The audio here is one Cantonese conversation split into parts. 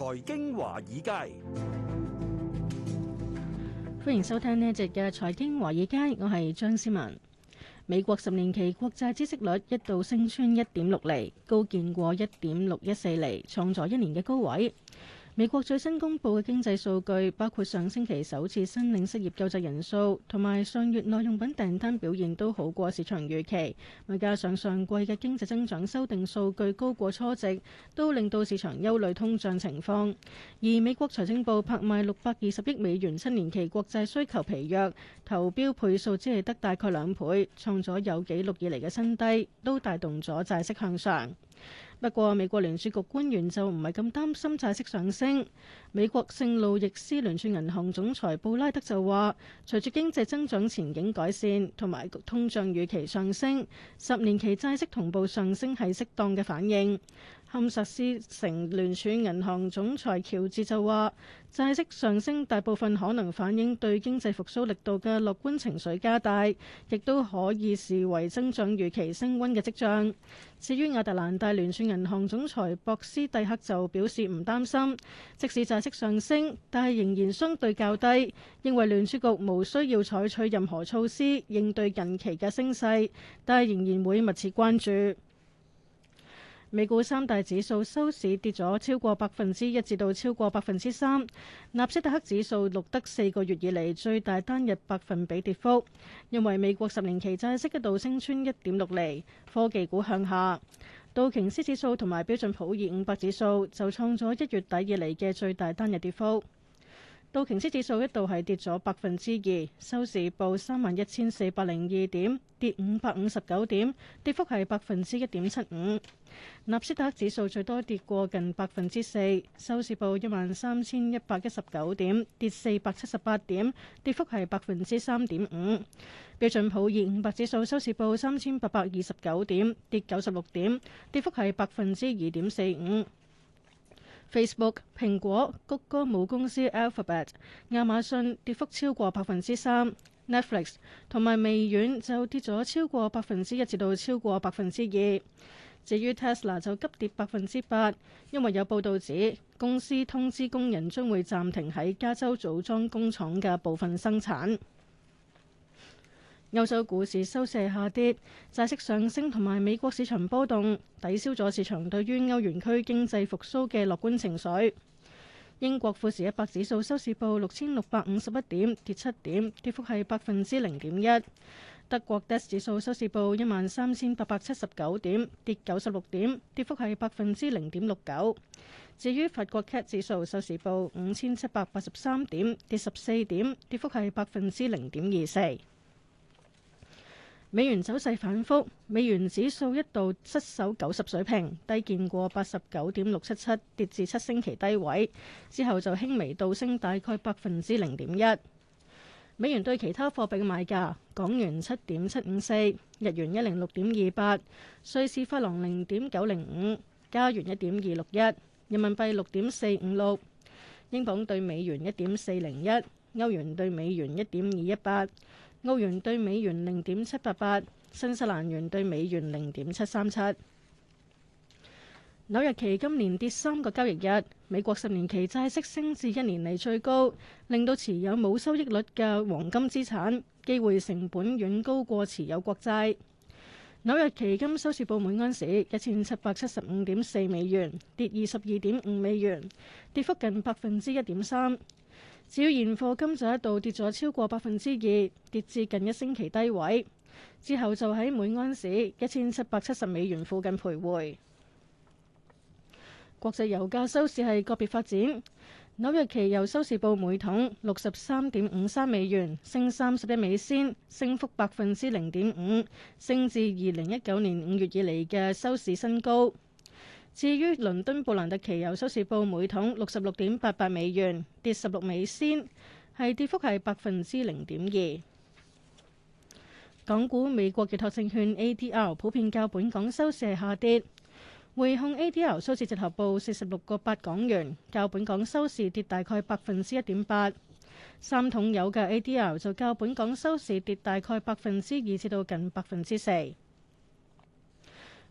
財經華爾街，歡迎收聽呢一節嘅財經華爾街。我係張思文。美國十年期國債孳息率一度升穿一點六厘，高見過一點六一四厘，創咗一年嘅高位。美國最新公布嘅經濟數據，包括上星期首次申領失業救濟人數，同埋上月耐用品訂單表現都好過市場預期。再加上上季嘅經濟增長修訂數據高過初值，都令到市場憂慮通脹情況。而美國財政部拍賣六百二十億美元七年期國債需求疲弱，投標倍數只係得大概兩倍，創咗有紀錄以嚟嘅新低，都帶動咗債息向上。不過，美國聯儲局官員就唔係咁擔心債息上升。美國聖路易斯聯儲銀行總裁布拉德就話：隨住經濟增長前景改善，同埋通脹預期上升，十年期債息同步上升係適當嘅反應。堪薩斯城聯儲銀行總裁喬治就話：債息上升大部分可能反映對經濟復甦力度嘅樂觀情緒加大，亦都可以視為增長預期升溫嘅跡象。至於亞特蘭大聯儲銀行總裁博斯蒂克就表示唔擔心，即使債息上升，但係仍然相對較低，認為聯儲局無需要採取任何措施應對近期嘅升勢，但係仍然會密切關注。美股三大指數收市跌咗超過百分之一至到超過百分之三，納斯達克指數錄得四個月以嚟最大單日百分比跌幅，因為美國十年期債息一度升穿一點六厘。科技股向下，道瓊斯指數同埋標準普爾五百指數就創咗一月底以嚟嘅最大單日跌幅。道瓊斯指數一度係跌咗百分之二，收市報三萬一千四百零二點，跌五百五十九點，跌幅係百分之一點七五。納斯達克指數最多跌過近百分之四，收市報一萬三千一百一十九點，跌四百七十八點，跌幅係百分之三點五。標準普爾五百指數收市報三千八百二十九點，跌九十六點，跌幅係百分之二點四五。Facebook、蘋果、谷歌母公司 Alphabet、亞馬遜跌幅超過百分之三，Netflix 同埋微軟就跌咗超過百分之一至到超過百分之二。至於 Tesla 就急跌百分之八，因為有報道指公司通知工人將會暫停喺加州組裝工廠嘅部分生產。歐洲股市收市下跌，債息上升同埋美國市場波動，抵消咗市場對於歐元區經濟復蘇嘅樂觀情緒。英國富時一百指數收市報六千六百五十一點，跌七點，跌幅係百分之零點一。德國 DAX 指數收市報一萬三千八百七十九點，跌九十六點，跌幅係百分之零點六九。至於法國 Cat 指數收市報五千七百八十三點，跌十四點，跌幅係百分之零點二四。美元走勢反覆，美元指數一度失守九十水平，低見過八十九點六七七，跌至七星期低位，之後就輕微倒升大概百分之零點一。美元對其他貨幣嘅買價：港元七點七五四，日元一零六點二八，瑞士法郎零點九零五，加元一點二六一，人民幣六點四五六，英鎊對美元一點四零一，歐元對美元一點二一八。歐元對美元零點七八八，新西蘭元對美元零點七三七。紐約期金連跌三個交易日，美國十年期債息升至一年嚟最高，令到持有冇收益率嘅黃金資產機會成本遠高過持有國債。紐約期金收市報每盎司一千七百七十五點四美元，跌二十二點五美元，跌幅近百分之一點三。至於現貨金就一度跌咗超過百分之二，跌至近一星期低位，之後就喺每安士一千七百七十美元附近徘徊。國際油價收市係個別發展，紐約期油收市報每桶六十三點五三美元，升三十一美仙，升幅百分之零點五，升至二零一九年五月以嚟嘅收市新高。至於倫敦布蘭特期油收市報每桶六十六點八八美元，跌十六美仙，係跌幅係百分之零點二。港股美國寄託證券 ADR 普遍較本港收市下跌，匯控 ADR 收市折合報四十六個八港元，較本港收市跌大概百分之一點八。三桶油嘅 ADR 就較本港收市跌大概百分之二至到近百分之四。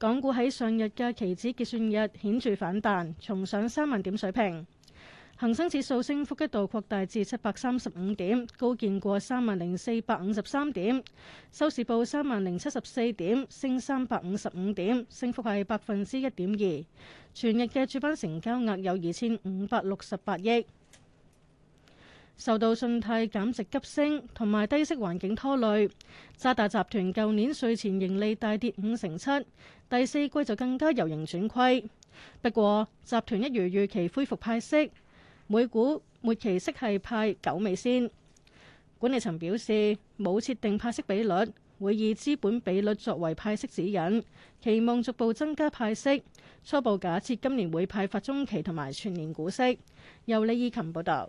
港股喺上日嘅期指結算日顯著反彈，重上三萬點水平。恒生指數升幅一度擴大至七百三十五點，高見過三萬零四百五十三點，收市報三萬零七十四點升三百五十五點，升幅係百分之一點二。全日嘅主板成交額有二千五百六十八億。受到信貸減值急升同埋低息環境拖累，渣打集團舊年稅前盈利大跌五成七，第四季就更加由盈轉虧。不過，集團一如預期恢復派息，每股末期息係派九美仙。管理層表示冇設定派息比率，會以資本比率作為派息指引，期望逐步增加派息。初步假設今年會派發中期同埋全年股息。由李依琴報道。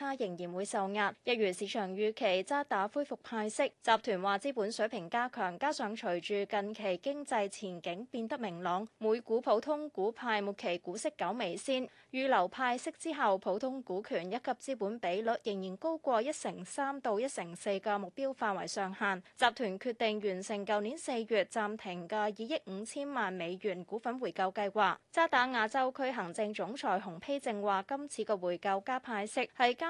他仍然會受壓，一如市場預期。渣打恢復派息，集團話資本水平加強，加上隨住近期經濟前景變得明朗，每股普通股派末期股息九美仙。預留派息之後，普通股權一級資本比率仍然高過一成三到一成四嘅目標範圍上限。集團決定完成舊年四月暫停嘅二億五千萬美元股份回購計劃。渣打亞洲區行政總裁洪丕正話，今次嘅回購加派息係加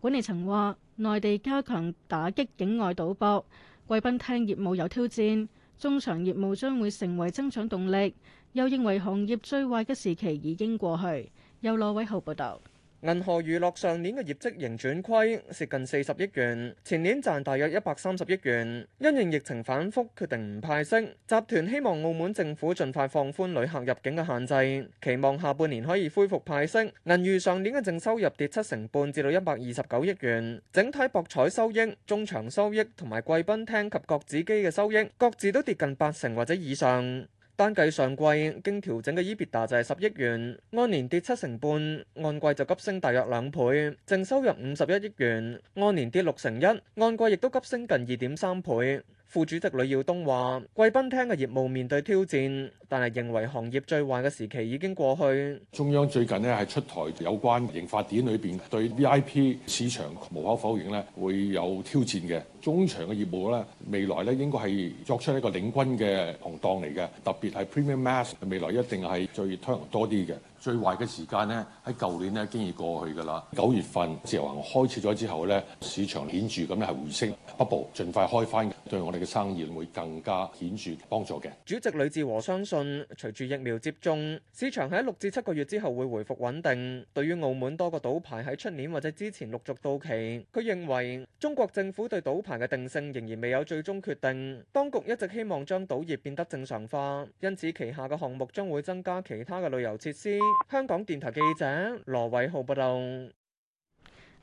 管理層話，內地加強打擊境外賭博，貴賓廳業務有挑戰，中場業務將會成為增長動力。又認為行業最壞嘅時期已經過去。由羅偉浩報道。銀河娛樂上年嘅業績盈轉虧，蝕近四十億元，前年賺大約一百三十億元。因應疫情反覆，決定唔派息。集團希望澳門政府盡快放寬旅客入境嘅限制，期望下半年可以恢復派息。銀娛上年嘅淨收入跌七成半，至到一百二十九億元。整體博彩收益、中場收益同埋貴賓廳及角子機嘅收益，各自都跌近八成或者以上。單計上季經調整嘅 EBITDA 就係十億元，按年跌七成半，按季就急升大約兩倍。淨收入五十一億元，按年跌六成一，按季亦都急升近二點三倍。副主席呂耀東話，貴賓廳嘅業務面對挑戰，但係認為行業最壞嘅時期已經過去。中央最近咧係出台有關刑法典裏邊對 V I P 市場無可否認咧會有挑戰嘅，中場嘅業務咧未來咧應該係作出一個領軍嘅行動，嚟嘅，特別係 Premium Mass 未來一定係最推行多啲嘅。最壞嘅時間咧，喺舊年咧經已過去㗎啦。九月份自由行開始咗之後咧，市場顯著咁咧係回升，北部盡快開返，對我哋嘅生意會更加顯著幫助嘅。主席呂志和相信，隨住疫苗接種，市場喺六至七個月之後會回復穩定。對於澳門多個賭牌喺出年或者之前陸續到期，佢認為中國政府對賭牌嘅定性仍然未有最終決定。當局一直希望將賭業變得正常化，因此旗下嘅項目將會增加其他嘅旅遊設施。香港電台記者羅偉浩報道，呢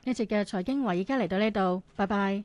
節嘅財經話，而家嚟到呢度，拜拜。